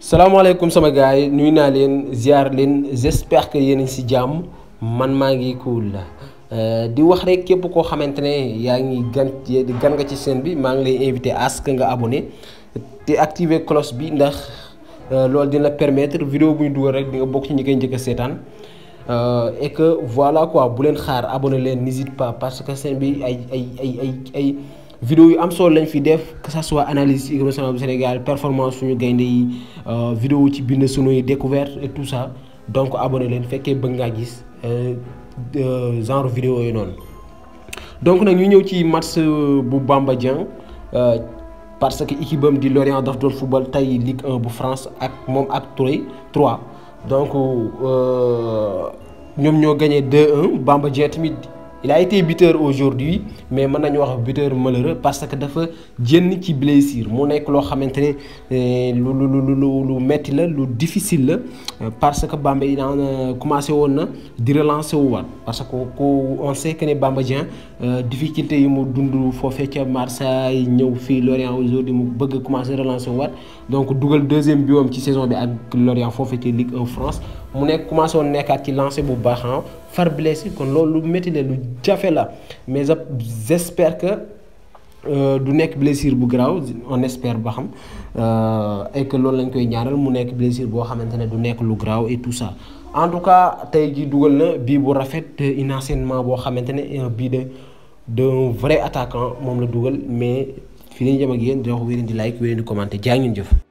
salam sama gars yi ziar j'espère que yéen si man magi cool euh, di wax rek képp à que nga abonné té activer cloche bi ndax euh, loolu dina permettre vidéo buñ rek di nga euh, et que voilà quoi bu leen abonné n'hésite pas parce que vidéo yu am solo lañ fi def que ça soit analyse équipe nationale Sénégal performance suñu gaynde yi euh, vidéo ci bind suñu découverte et tout ça donc abonné leen fekkee bëgg ngaa gis euh, genre vidéo yi noonu donc nag ñu ñëw ci match euh, bu Bamba Dieng parce que équipe de di Lorient daf doon football tey Ligue 1 bu France ak moom ak Touré 3 donc ñoom ñoo gagné 2-1 Bamba Dieng tamit il a été buteur aujourd'hui mais mën nañu wax buteur malheureux parce que dafa jënn ci blessure mu nekk loo xamante le eh, lu lu lu lu metti la lu difficile euh, parce que Bamba il a euh, commencé au na di relancer au waat parce que ku on sait que ne Bamba Dieng euh, difficulté yi mu dund faire que Marseille ñëw fii Lorient aujourd'hui mu bëgg commencé relancer au waat donc double deuxième en ci saison bi ak Lorient foofee ca Ligue 1 France mu nekk commencé woon nekkaat ci lancé bu baax ah, far blessé kon loolu lu métti la lu jafe la mais j'espère que euh, du nekk blessure bu garaaw on espère ba xam euh, et que loolu lañ koy ñaaral mu nekk blessure boo xamante ne du nekk lu garaaw et tout ça en tout cas tey ji dugal na bii bu rafet inenseignement boo xamante ne bii de d'un vrai attaquant moom la dugal mais fi lañ jëm ak yéen di wax wéy di like wéy di commenter jaa ngeen jëf.